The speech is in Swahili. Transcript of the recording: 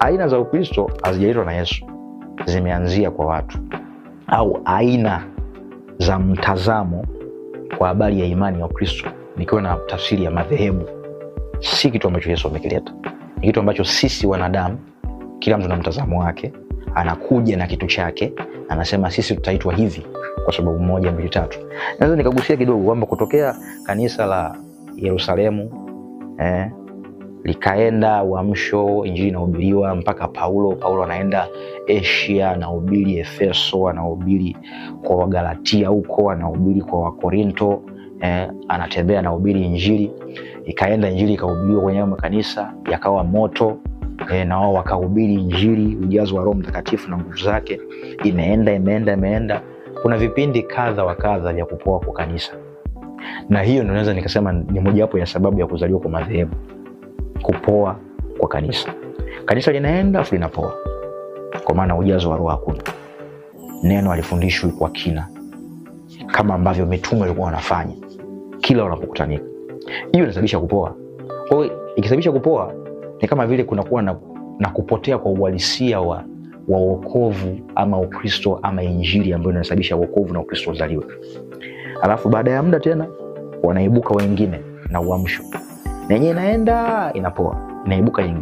aina za ukristo hazijaitwa na yesu zimeanzia kwa watu au aina za mtazamo kwa habari ya imani ya ukristo nikiwa na tafsiri ya madhehebu si kitu ambacho yesu amekileta ni kitu ambacho sisi wanadamu kila mtu na mtazamo wake anakuja na kitu chake anasema sisi tutaitwa hivi kwa sababu moja mbili tatu naweza nikagusia kidogo kwamba kutokea kanisa la yerusalemu eh, likaenda uamsho, injili inahubiriwa mpaka Paulo. Paulo anaenda Asia, anahubiri Efeso, anahubiri kwa Wagalatia huko, anahubiri kwa Wakorinto eh, anatembea anahubiri injili. Ikaenda injili ikahubiriwa kwenye makanisa, yakawa moto eh, na wao wakahubiri injili, ujazo wa Roho Mtakatifu na nguvu zake. Imeenda imeenda imeenda, kuna vipindi kadha wa kadha vya kupoa kwa kanisa, na hiyo ndio naweza nikasema ni mojawapo ya sababu ya kuzaliwa kwa madhehebu kupoa kwa kanisa. Kanisa linaenda afu linapoa, kwa maana ujazo wa roho hakuna. Neno alifundishwi kwa kina kama ambavyo mitume walikuwa wanafanya kila wanapokutanika. Hiyo inasababisha kupoa. Kwa hiyo ikisababisha kupoa, ni kama vile kunakuwa na, na kupotea kwa uhalisia wa wa wokovu ama Ukristo ama Injili ambayo inasababisha wokovu na Ukristo uzaliwe. Alafu baada ya muda tena wanaibuka wengine na uamsho nenye yenyewe inaenda inapoa, inaibuka nyingine.